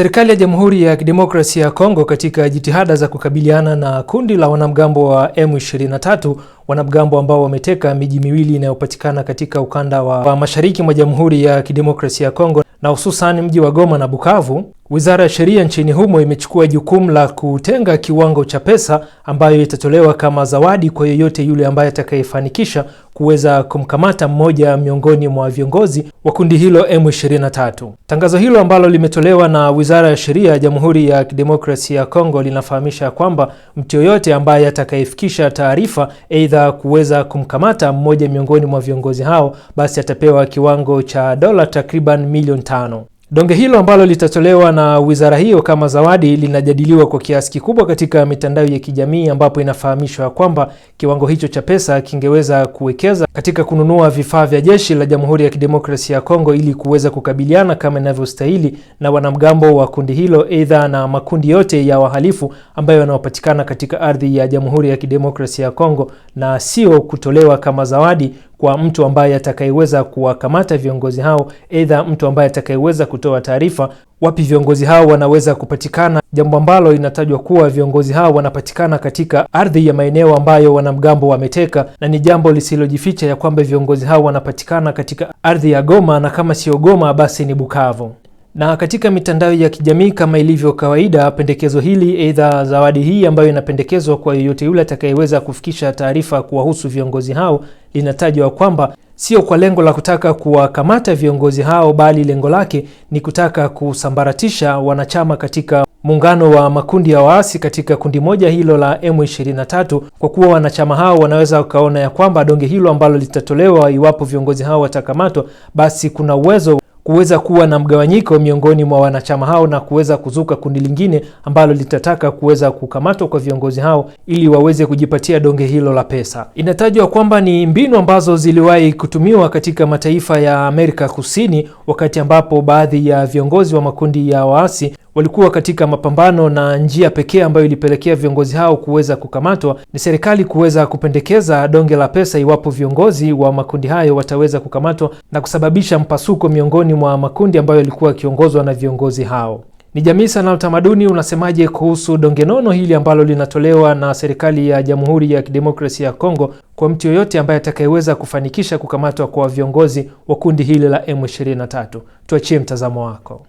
Serikali ya Jamhuri ya Kidemokrasia ya Kongo katika jitihada za kukabiliana na kundi la wanamgambo wa M23, wanamgambo ambao wameteka miji miwili inayopatikana katika ukanda wa, wa mashariki mwa Jamhuri ya Kidemokrasia ya Kongo na hususan mji wa Goma na Bukavu. Wizara ya Sheria nchini humo imechukua jukumu la kutenga kiwango cha pesa ambayo itatolewa kama zawadi kwa yeyote yule ambaye atakayefanikisha kuweza kumkamata mmoja miongoni mwa viongozi wa kundi hilo M23. Tangazo hilo ambalo limetolewa na Wizara ya Sheria ya Jamhuri ya Kidemokrasia ya Kongo linafahamisha kwamba mtu yoyote ambaye atakayefikisha taarifa aidha kuweza kumkamata mmoja miongoni mwa viongozi hao, basi atapewa kiwango cha dola takriban milioni tano. Donge hilo ambalo litatolewa na wizara hiyo kama zawadi linajadiliwa kwa kiasi kikubwa katika mitandao ya kijamii ambapo inafahamishwa kwamba kiwango hicho cha pesa kingeweza kuwekeza katika kununua vifaa vya jeshi la Jamhuri ya Kidemokrasia ya Kongo ili kuweza kukabiliana kama inavyostahili na wanamgambo wa kundi hilo, aidha na makundi yote ya wahalifu ambayo yanayopatikana katika ardhi ya Jamhuri ya Kidemokrasia ya Kongo, na sio kutolewa kama zawadi kwa mtu ambaye atakayeweza kuwakamata viongozi hao, aidha mtu ambaye atakayeweza kutoa taarifa wapi viongozi hao wanaweza kupatikana, jambo ambalo linatajwa kuwa viongozi hao wanapatikana katika ardhi ya maeneo ambayo wanamgambo wameteka, na ni jambo lisilojificha ya kwamba viongozi hao wanapatikana katika ardhi ya Goma na kama sio Goma basi ni Bukavu. Na katika mitandao ya kijamii kama ilivyo kawaida, pendekezo hili aidha zawadi hii ambayo inapendekezwa kwa yeyote yule atakayeweza kufikisha taarifa kuwahusu viongozi hao, linatajwa kwamba sio kwa lengo la kutaka kuwakamata viongozi hao, bali lengo lake ni kutaka kusambaratisha wanachama katika muungano wa makundi ya waasi katika kundi moja hilo la M23, kwa kuwa wanachama hao wanaweza wakaona ya kwamba donge hilo ambalo litatolewa iwapo viongozi hao watakamatwa, basi kuna uwezo kuweza kuwa na mgawanyiko miongoni mwa wanachama hao na kuweza kuzuka kundi lingine ambalo litataka kuweza kukamatwa kwa viongozi hao ili waweze kujipatia donge hilo la pesa. Inatajwa kwamba ni mbinu ambazo ziliwahi kutumiwa katika mataifa ya Amerika Kusini wakati ambapo baadhi ya viongozi wa makundi ya waasi walikuwa katika mapambano na njia pekee ambayo ilipelekea viongozi hao kuweza kukamatwa ni serikali kuweza kupendekeza donge la pesa iwapo viongozi wa makundi hayo wataweza kukamatwa na kusababisha mpasuko miongoni mwa makundi ambayo yalikuwa yakiongozwa na viongozi hao. Ni jamii sana utamaduni unasemaje kuhusu donge nono hili ambalo linatolewa na serikali ya Jamhuri ya Kidemokrasia ya Kongo kwa mtu yoyote ambaye atakayeweza kufanikisha kukamatwa kwa viongozi wa kundi hili la M23? Tuachie mtazamo wako.